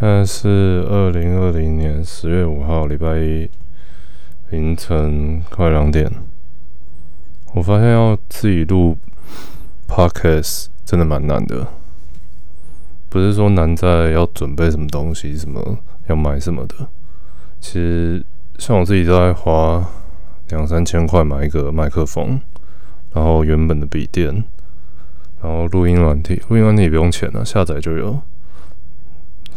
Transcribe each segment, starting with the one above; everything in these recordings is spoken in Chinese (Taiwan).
現在是二零二零年十月五號，禮拜一凌晨快兩點。我發現要自己錄 podcast 真的蠻難的。不是說難在要準備什麼東西、什麼要買什麼的。其實像我自己都在花兩三千塊買一個麥克風，然後原本的筆電，然後錄音軟體。錄音軟體也不用錢了啊，下載就有。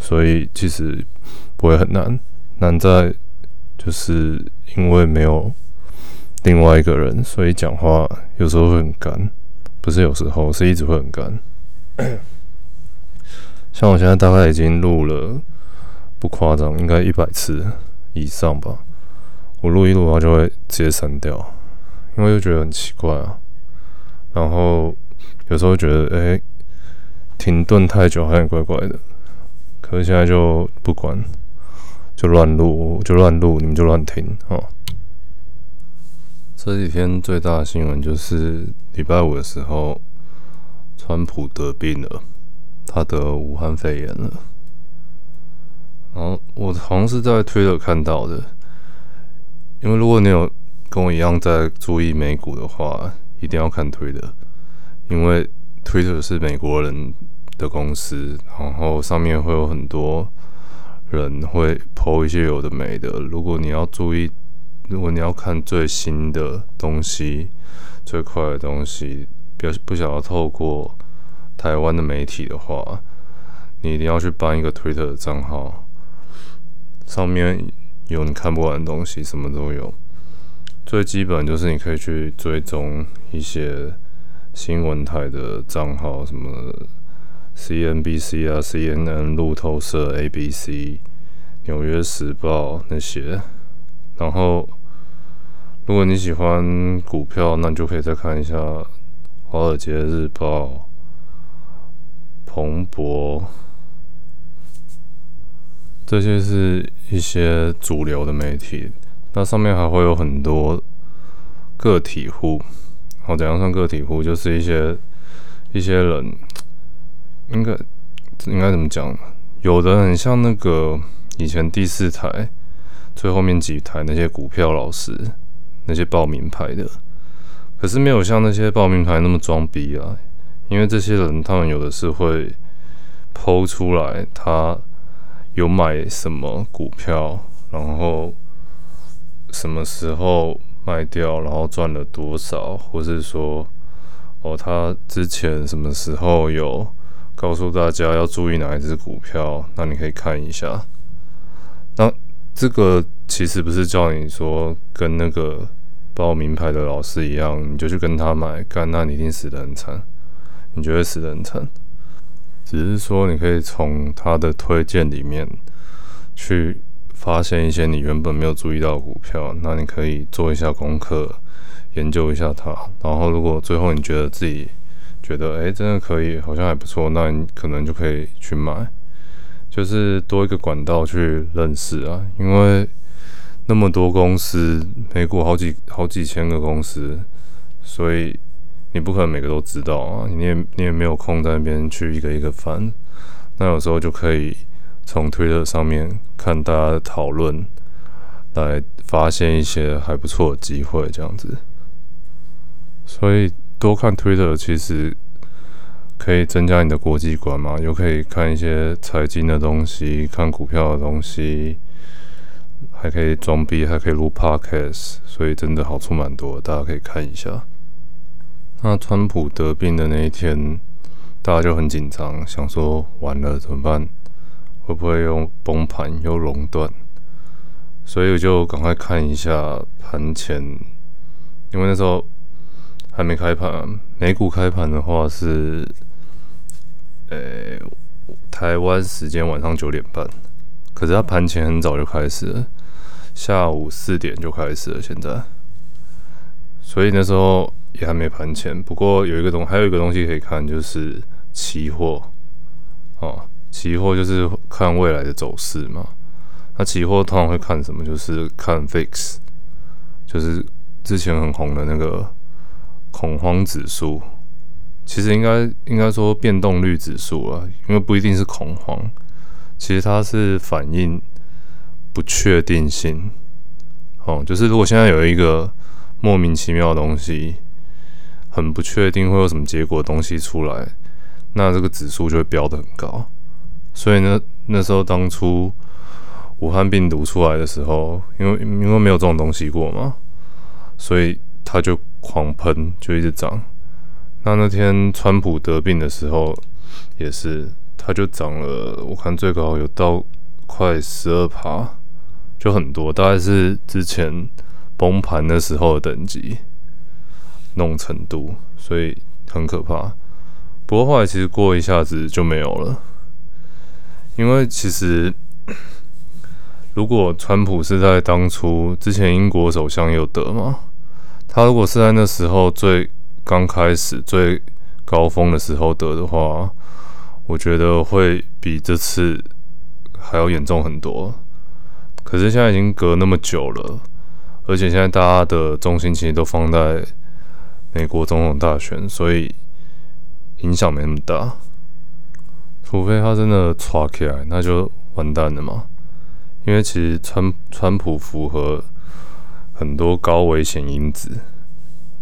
所以其實不會很難，難在就是因為沒有另外一個人，所以講話有時候會很乾，不是有時候是一直會很乾。 像我現在大概已經錄了不誇張，應該一百次以上吧。我錄一錄的話就會直接刪掉，因為又覺得很奇怪啊。然後有時候覺得哎、欸，停頓太久還很怪怪的。所以現在就不管，就亂錄，就亂錄，你們就亂聽啊！這幾天最大的新聞就是禮拜五的時候，川普得病了，他得武漢肺炎了。然後我好像是在推特看到的，因為如果你有跟我一樣在注意美股的話，一定要看推特，因為推特是美國人的公司，然後上面會有很多人會拋一些有的沒的。如果你要注意，如果你要看最新的東西、最快的東西，不要不想要透過台灣的媒體的話，你一定要去辦一個 Twitter 的賬號，上面有你看不完的東西，什麼都有。最基本就是你可以去追蹤一些新聞台的賬號，什麼。C N B C 啊，C N N、CNN, 路透社、A B C、紐約時報那些，然後，如果你喜歡股票，那你就可以再看一下《華爾街日報》、《彭博》，這些是一些主流的媒體。那上面還會有很多個體戶。好，怎樣算個體戶？就是一些一些人。應該應該怎麼講？有的很像那個以前第四台最後面幾台那些股票老師，那些報名牌的，可是沒有像那些報名牌那麼裝逼啊。因為這些人，他們有的是會 PO 出來，他有買什麼股票，然後什麼時候賣掉，然後賺了多少，或是說哦，他之前什麼時候有。告訴大家要注意哪一隻股票，那你可以看一下。那這個其實不是叫你說跟那個報名牌的老師一樣，你就去跟他買，幹，那你一定死得很慘，你覺得死得很慘。只是說你可以從他的推薦裡面去發現一些你原本沒有注意到的股票，那你可以做一下功課，研究一下它。然後如果最後你覺得自己覺得哎，真的可以，好像還不錯，那你可能就可以去買，就是多一個管道去認識啊。因為那麼多公司，美股好幾好幾千個公司，所以你不可能每個都知道啊，你也你也沒有空在那邊去一個一個翻。那有時候就可以從推特上面看大家的討論，來發現一些還不錯的機會這樣子。所以多看推特其實。可以增加你的國際觀嗎？又可以看一些財經的東西，看股票的東西，還可以裝逼，還可以錄 podcast，所以真的好處蠻多的，大家可以看一下。那川普得病的那一天，大家就很緊張，想說完了怎麼辦？會不會又崩盤又熔斷？所以我就趕快看一下盤前，因為那時候還沒開盤，啊，美股開盤的話是。誒、欸，台灣時間晚上九點半，可是它盤前很早就開始，下午四點就開始了。現在，所以那時候也還沒盤前。不過有一個東，還有一個東西可以看，就是期貨。哦、啊，期貨就是看未來的走勢嘛。那期貨通常會看什麼？就是看 VIX，就是之前很紅的那個恐慌指數。其實應該應該說變動率指數啊，因為不一定是恐慌，其實它是反映不確定性。哦、嗯，就是如果現在有一個莫名其妙的東西，很不確定會有什麼結果的東西出來，那這個指數就會飆得很高。所以呢，那時候當初武漢病毒出來的時候，因為因為沒有這種東西過嘛，所以它就狂噴，就一直漲。那那天川普得病的時候，也是，他就漲了，我看最高有到快十二趴，就很多，大概是之前崩盤的時候的等級那種程度，所以很可怕。不過後來其實過一下子就沒有了，因為其實如果川普是在當初之前英國首相也有得嘛，他如果是在那時候最。剛開始最高峰的時候得的話，我覺得會比這次還要嚴重很多。可是現在已經隔那麼久了，而且現在大家的重心其實都放在美國總統大選，所以影響沒那麼大。除非他真的垮起來，那就完蛋了嘛。因為其實川川普符合很多高危險因子，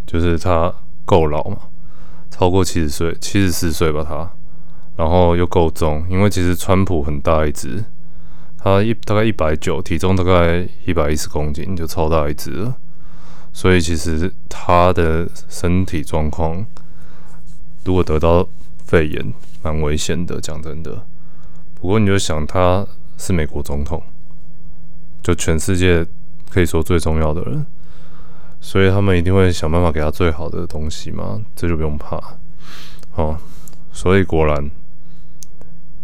就是他。夠老嘛？超過七十歲，七十四歲吧他。然後又夠重，因為其實川普很大一只，他一大概一百九，體重大概一百一十公斤，就超大一隻了。所以其實他的身體狀況，如果得到肺炎，蠻危險的。講真的，不過你就想他是美國總統，就全世界可以說最重要的人。所以他們一定會想辦法給他最好的東西嘛，這就不用怕，哦。所以果然，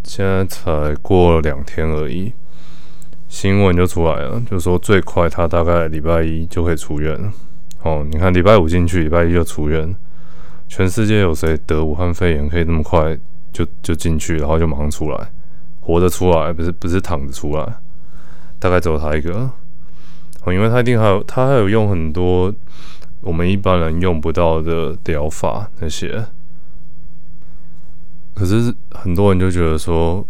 現在才過了兩天而已，新聞就出來了，就說最快他大概禮拜一就可以出院了。哦，你看禮拜五進去，禮拜一就出院。全世界有誰得武漢肺炎可以那麼快就就進去，然後就馬上出來，活着出來，不是不是躺着出來？大概只有他一個。因為他一定還有，他還有用很多我們一般人用不到的療法那些。可是很多人就覺得說，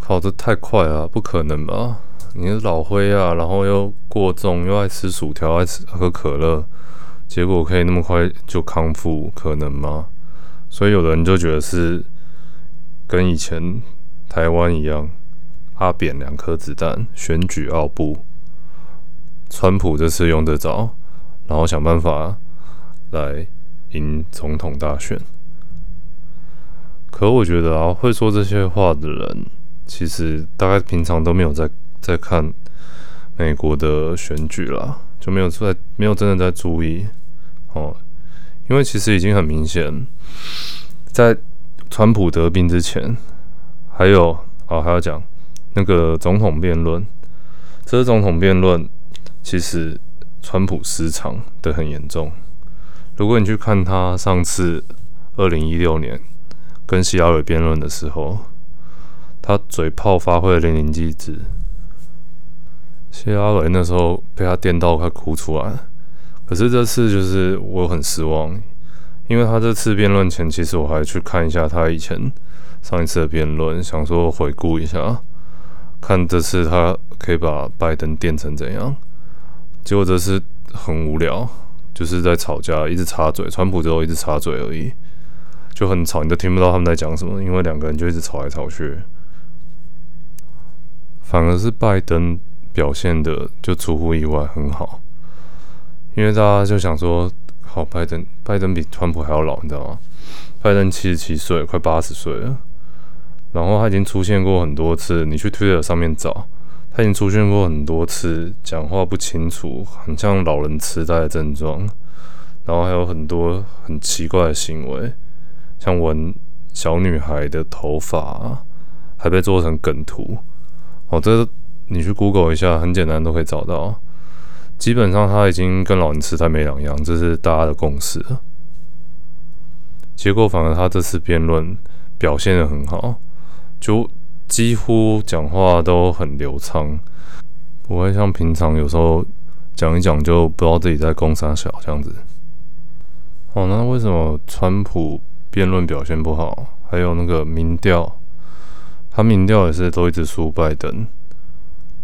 靠，這太快了啊，不可能吧？你是老灰啊，然後又過重，又愛吃薯條，愛吃喝可樂，結果可以那麼快就康復，可能嗎？所以有的人就覺得是跟以前台灣一樣，阿扁兩顆子彈，選舉奧步。川普這次用得着，然後想辦法來贏總統大選。可我覺得啊，會說這些話的人，其實大概平常都沒有在在看美國的選舉啦，就沒有在沒有真的在注意哦。因為其實已經很明顯，在川普得病之前，還有啊、哦、還要講那個總統辯論，這是總統辯論。其實，川普失常的很嚴重。如果你去看他上次二零一六年跟希拉蕊辯論的時候，他嘴炮發揮的淋漓盡致。希拉蕊那時候被他電到快哭出來了。可是這次就是我很失望，因為他這次辯論前，其實我還去看一下他以前上一次的辯論，想說回顧一下，看這次他可以把拜登電成怎樣。結果這是很無聊，就是在吵架，一直插嘴，川普之後一直插嘴而已，就很吵，你都聽不到他們在講什麼，因為兩個人就一直吵來吵去，反而是拜登表現的就出乎意外很好，因為大家就想說，好，拜登，拜登比川普還要老，你知道嗎？拜登七十七歲，快八十歲了，然後他已經出現過很多次，你去 Twitter 上面找。他已經出現過很多次，講話不清楚，很像老人痴呆的症狀，然後還有很多很奇怪的行為，像聞小女孩的頭髮，還被做成梗圖。哦，這你去 Google 一下，很簡單都可以找到。基本上他已經跟老人痴呆沒兩樣，這是大家的共識了。結果反而他這次辯論表現得很好，就。幾乎講話都很流暢，不會像平常有時候講一講就不知道自己在攻啥小這樣子。哦，那為什麼川普辯論表現不好？還有那個民調，他民調也是都一直輸拜登。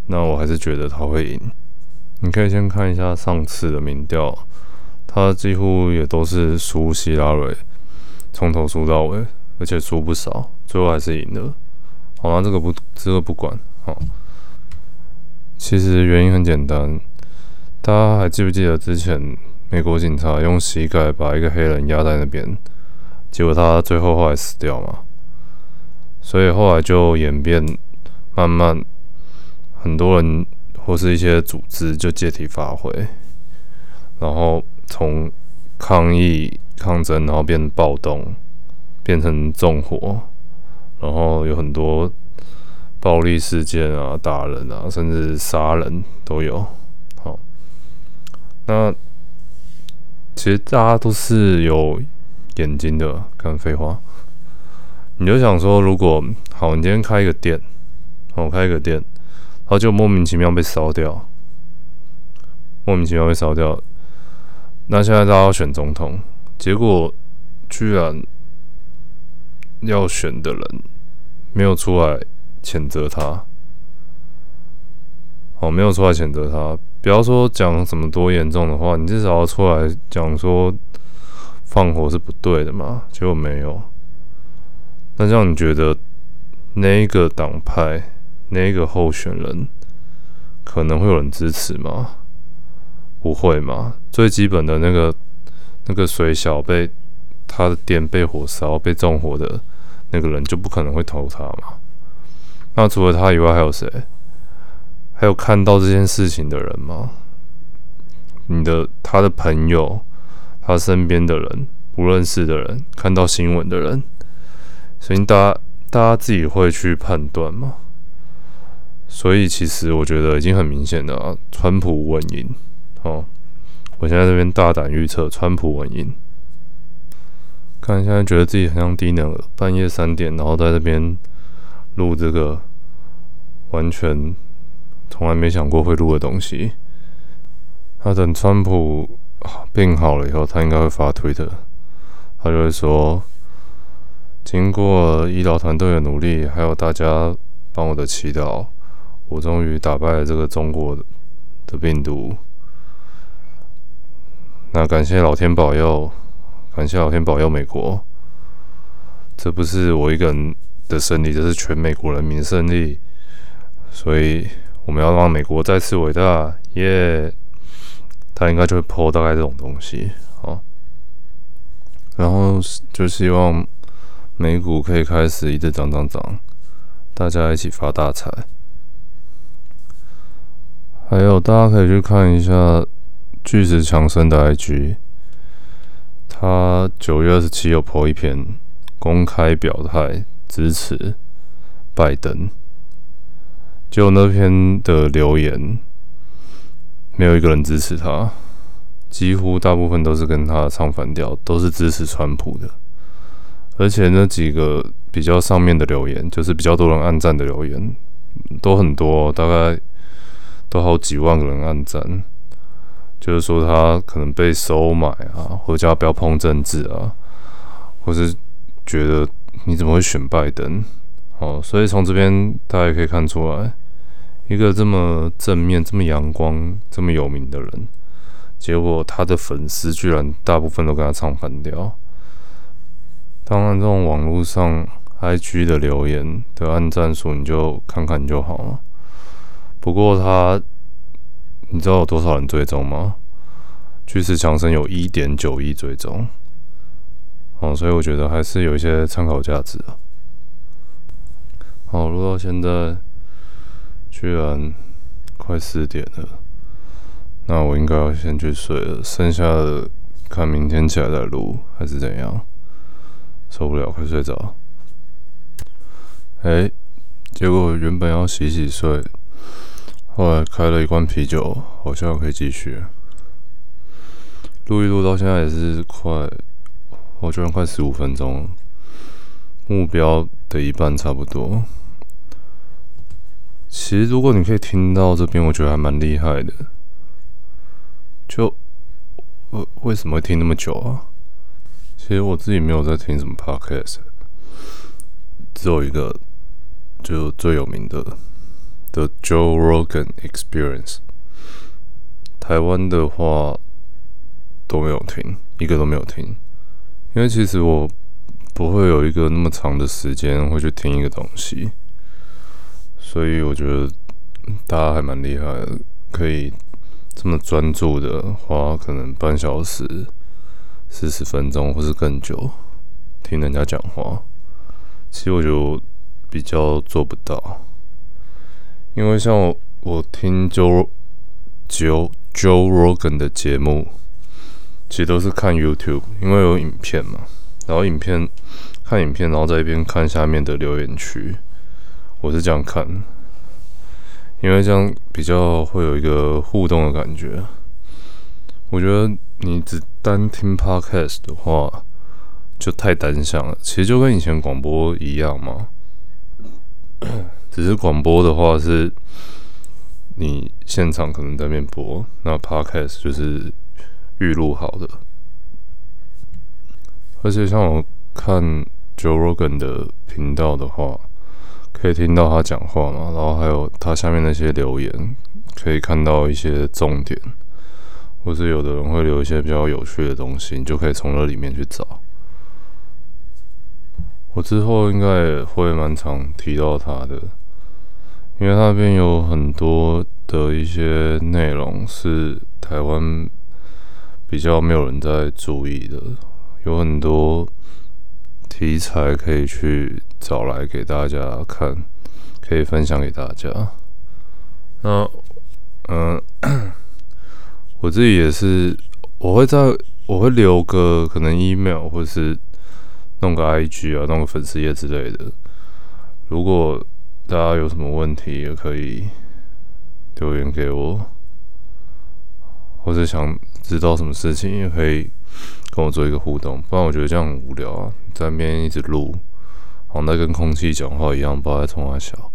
那我還是覺得他會贏。你可以先看一下上次的民調，他幾乎也都是輸希拉蕊，從頭輸到尾，而且輸不少，最後還是贏了。好、啊，啦，這個不，這個不管。好、哦，其實原因很簡單，大家還記不記得之前美國警察用膝蓋把一個黑人壓在那邊，結果他最後後來死掉嘛？所以後來就演變，慢慢很多人或是一些組織就借題發揮，然後從抗議、抗爭，然後變暴動，變成縱火。然後有很多暴力事件啊，打人啊，甚至殺人都有。好，那其實大家都是有眼睛的，乾廢話。你就想說，如果好，你今天開一個店，好、哦、開一個店，然後就莫名其妙被燒掉，莫名其妙被燒掉。那現在大家要選總統，結果居然。要選的人沒有出來譴責他，哦，沒有出來譴責他。不要說講什麼多嚴重的話，你至少要出來講說放火是不對的嘛。結果沒有，那這樣你覺得那一個黨派那一個候選人可能會有人支持嗎？不會嘛？最基本的那個那個水小被。他的店被火燒、被縱火的那個人就不可能會投他嘛？那除了他以外還有誰？還有看到這件事情的人嗎？你的他的朋友、他身邊的人、不認識的人、看到新聞的人，所以大家大家自己會去判斷嘛。所以其實我覺得已經很明顯的啊，川普穩贏。哦。我現在，在這邊大膽預測，川普穩贏。看，現在覺得自己很像低能，半夜三點，然後在這邊錄這個，完全從來沒想過會錄的東西。那等川普病好了以後，他應該會發推特，他就會說：經過醫療團隊的努力，還有大家幫我的祈禱，我終於打敗了這個中國的病毒。那感謝老天保佑。感謝老天保佑美國，這不是我一個人的勝利，這是全美國人民勝利。所以我們要讓美國再次偉大，耶、yeah!！他應該就會 po 大概這種東西，好。然後就希望美股可以開始一直漲漲漲，大家一起發大財。還有大家可以去看一下巨石強森的 IG。他九月二十七有播一篇公開表態支持拜登，就那篇的留言沒有一個人支持他，幾乎大部分都是跟他唱反調，都是支持川普的。而且那幾個比較上面的留言，就是比較多人按讚的留言，都很多，大概都好幾萬個人按讚。就是說他可能被收買啊，或者叫他不要碰政治啊，或是覺得你怎麼會選拜登？好，所以從這邊大家也可以看出來，一個這麼正面、這麼陽光、這麼有名的人，結果他的粉絲居然大部分都跟他唱反調。當然，這種網絡上 IG 的留言的按讚數，你就看看就好了。不過他。你知道有多少人追蹤嗎？巨石強森有1.9億追蹤，哦，所以我覺得還是有一些參考價值啊。好，錄到現在居然快四點了，那我應該要先去睡了。剩下的看明天起來再錄還是怎樣，受不了，快睡着。哎、欸，結果原本要洗洗睡。後來開了一罐啤酒，好像可以繼續錄一錄，到現在也是快，我覺得快十五分鐘，目標的一半差不多。其實如果你可以聽到這邊，我覺得還蠻厲害的。就，為、呃、為什麼會聽那麼久啊？其實我自己沒有在聽什麼 podcast，只有一個就是、最有名的。The Joe Rogan Experience，台灣的話都沒有聽，一個都沒有聽，因為其實我不會有一個那麼長的時間會去聽一個東西，所以我覺得大家還蠻厲害的，可以這麼專注的花可能半小時、四十分鐘或是更久聽人家講話。其實我就比較做不到。因為像我，我聽 Joe Joe Joe Rogan 的節目，其實都是看 YouTube，因為有影片嘛。然後影片看影片，然後在一邊看下面的留言區，我是這樣看。因為這樣比較會有一個互動的感覺。我覺得你只單聽 Podcast 的話，就太單向了。其實就跟以前廣播一樣嘛。 只是廣播的話是，你現場可能在那邊播，那 Podcast 就是預錄好的。而且像我看 Joe Rogan 的頻道的話，可以聽到他講話嘛，然後還有他下面那些留言，可以看到一些重點，或是有的人會留一些比較有趣的東西，你就可以從那裡面去找。我之後應該會蠻常提到他的。因為那邊有很多的一些內容是台灣比較沒有人在注意的，有很多題材可以去找來給大家看，可以分享給大家。那嗯、呃，我自己也是，我會在我會留個可能 email，或是弄個 IG 啊，弄個粉絲頁之類的。如果大家有什麼問題也可以留言給我，或者想知道什麼事情也可以跟我做一個互動。不然我覺得這樣很無聊啊，在那邊一直錄，好像在跟空氣講話一樣，不知道在衝啥小。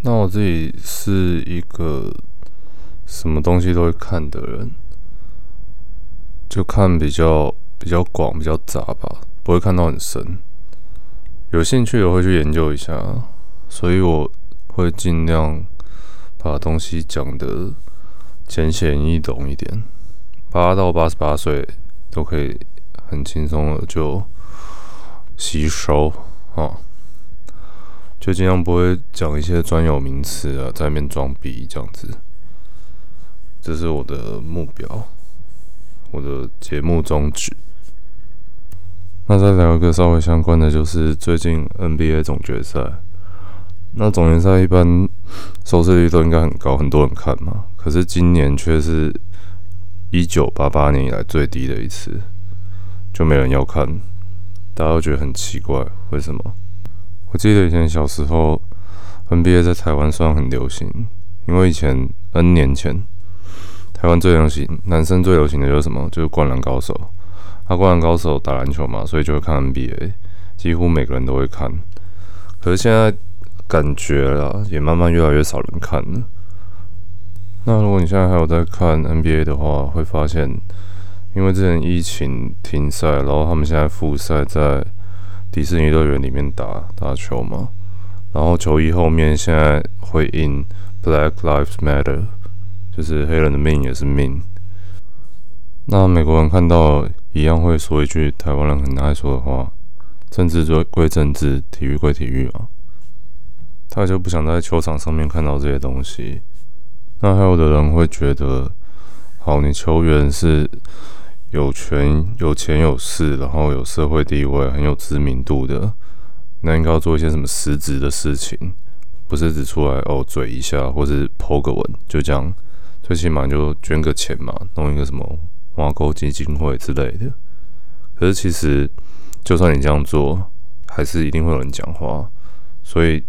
那我自己是一個什麼東西都會看的人，就看比較比較廣、比較雜吧，不會看到很深。有興趣的會去研究一下，所以我會盡量把東西講得淺顯易懂一點，八到八十八歲都可以很輕鬆的就吸收，啊，就盡量不會講一些專有名詞啊，在裡面裝逼這樣子，這是我的目標，我的節目宗旨。那再聊一個稍微相關的，就是最近 NBA 總決賽。那總決賽一般收視率都應該很高，很多人看嘛。可是今年卻是一九八八年以來最低的一次，就沒人要看，大家都覺得很奇怪，為什麼？我記得以前小時候 NBA 在台灣算很流行，因為以前 N 年前台灣最流行，男生最流行的就是什麼？就是灌籃高手。他灌籃高手打籃球嘛，所以就會看 NBA，幾乎每個人都會看。可是現在感覺了，也慢慢越來越少人看了。那如果你現在還有在看 NBA 的話，會發現，因為之前疫情停賽，然後他們現在復賽在迪士尼樂園裡面打打球嘛，然後球衣後面現在會印 “Black Lives Matter”，就是黑人的命也是命。那美國人看到。一樣會說一句台灣人很愛說的話：“政治歸政治，體育歸體育嘛。”他就不想在球場上面看到這些東西。那還有的人會覺得：“好，你球員是有權、有錢、有勢，然後有社會地位、很有知名度的，那應該要做一些什麼實質的事情，不是只出來哦嘴一下，或是 po 個文，就這樣，最起碼就捐個錢嘛，弄一個什麼。”掛狗基金會之類的，可是其實就算你這樣做，還是一定會有人講話。所以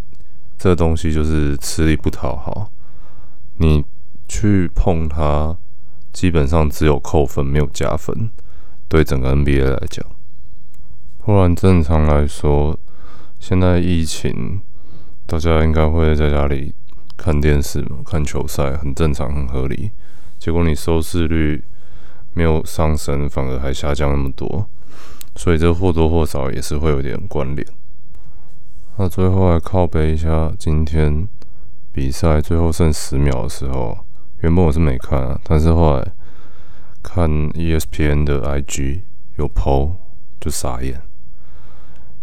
這個東西就是吃力不討好，你去碰它，基本上只有扣分沒有加分。對整個 NBA 來講，不然正常來說，現在疫情，大家應該會在家裡看電視嘛，看球賽很正常，很合理。結果你收視率，沒有上升，反而還下降那麼多，所以這或多或少也是會有點關聯。那最後來靠背一下，今天比賽最後剩十秒的時候，原本我是沒看啊，但是後來看 ESPN 的 IG 有 PO 就傻眼，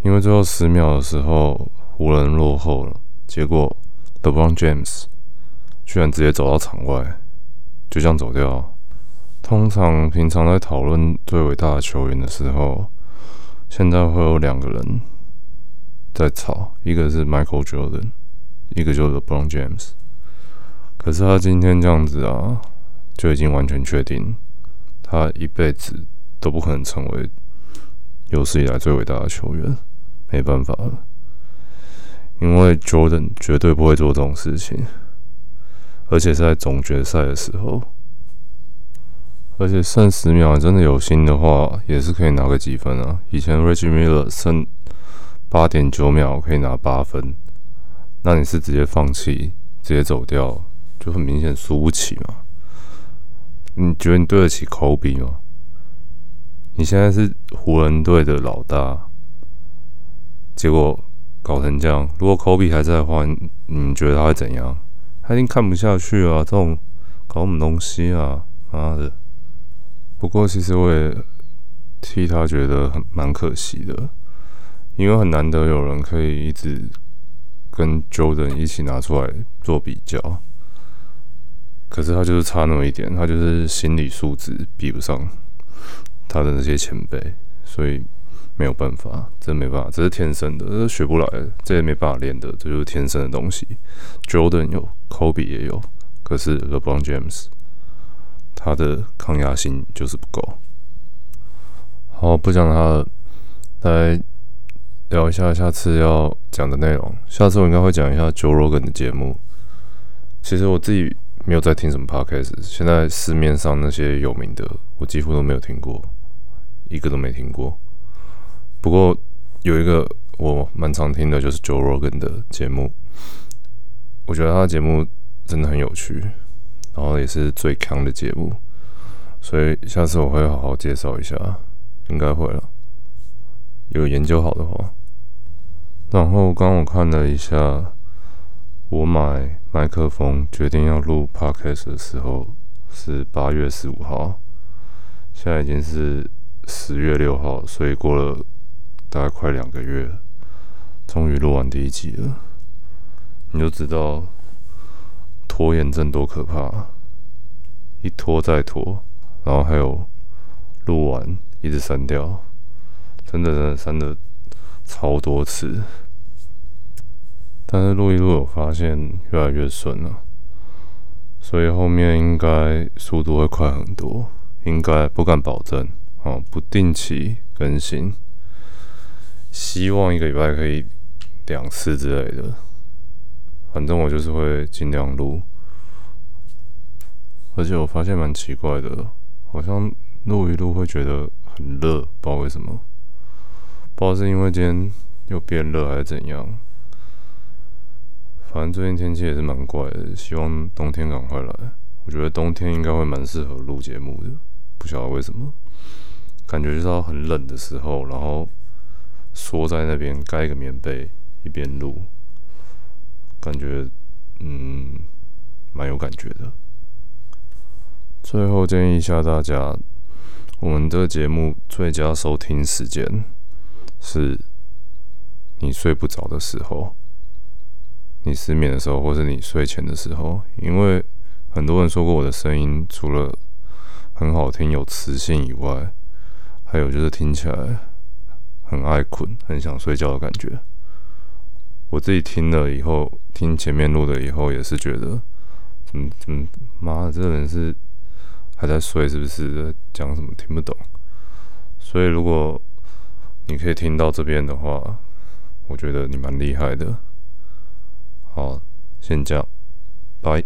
因為最後十秒的時候湖人落後了，結果 LeBron James 居然直接走到場外，就這樣走掉。通常平常在討論最偉大的球員的時候，現在會有兩個人在吵，一個是 Michael Jordan，一個就是 LeBron James。可是他今天這樣子啊，就已經完全確定，他一輩子都不可能成為有史以來最偉大的球員，沒辦法了，因為 Jordan 絕對不會做這種事情，而且在總決賽的時候。而且剩十秒，真的有心的話，也是可以拿個幾分啊。以前 Reggie Miller 剩八點九秒可以拿八分，那你是直接放棄，直接走掉，就很明顯輸不起嘛？你覺得你對得起 Kobe 嗎？你現在是湖人隊的老大，結果搞成這樣。如果 Kobe 還在的話，你，你覺得他會怎樣？他已經看不下去啊，這種搞什麼東西啊？媽的！不過，其實我也替他覺得很蠻可惜的，因為很難得有人可以一直跟 Jordan 一起拿出來做比較。可是他就是差那麼一點，他就是心理素質比不上他的那些前輩，所以沒有辦法，真沒辦法，這是天生的，這是學不來的，這也沒辦法練的，這就是天生的東西。Jordan 有，Kobe 也有，可是 LeBron James。他的抗壓性就是不夠。好，不講他了他，來聊一下下次要講的內容。下次我應該會講一下 Joe Rogan 的節目。其實我自己沒有在聽什麼 podcast，現在市面上那些有名的，我幾乎都沒有聽過，一個都沒聽過。不過有一個我蠻常聽的，就是 Joe Rogan 的節目。我覺得他的節目真的很有趣。然後也是最坑的節目，所以下次我會好好介紹一下，應該會了，有研究好的話。然後剛剛我看了一下，我買麥克風決定要錄 Podcast 的時候是八月十五號，現在已經是十月六號，所以過了大概快兩個月，終於錄完第一集了。你就知道。拖延症多可怕啊！一拖再拖，然後還有錄完一直刪掉，真的真的刪的超多次。但是錄一錄，我發現越來越順了，所以後面應該速度會快很多，應該不敢保證，哦，不定期更新，希望一個禮拜可以兩次之類的。反正我就是會盡量錄，而且我發現蠻奇怪的，好像錄一錄會覺得很熱，不知道為什麼，不知道是因為今天又變熱還是怎樣。反正最近天氣也是蠻怪的，希望冬天趕快來。我覺得冬天應該會蠻適合錄節目的，不曉得為什麼，感覺就是要很冷的時候，然後縮在那邊蓋一個棉被，一邊錄。感覺，嗯，蠻有感覺的。最後建議一下大家，我們這個節目最佳收聽時間是你睡不着的時候，你失眠的時候，或是你睡前的時候，因為很多人說過我的聲音除了很好聽、有磁性以外，還有就是聽起來很愛困、很想睡覺的感覺。我自己聽了以後，聽前面錄的以後，也是覺得，怎麼怎麼，媽，這人是還在睡是不是？講什麼聽不懂。所以，如果你可以聽到這邊的話，我覺得你蠻厲害的。好，先這樣，拜。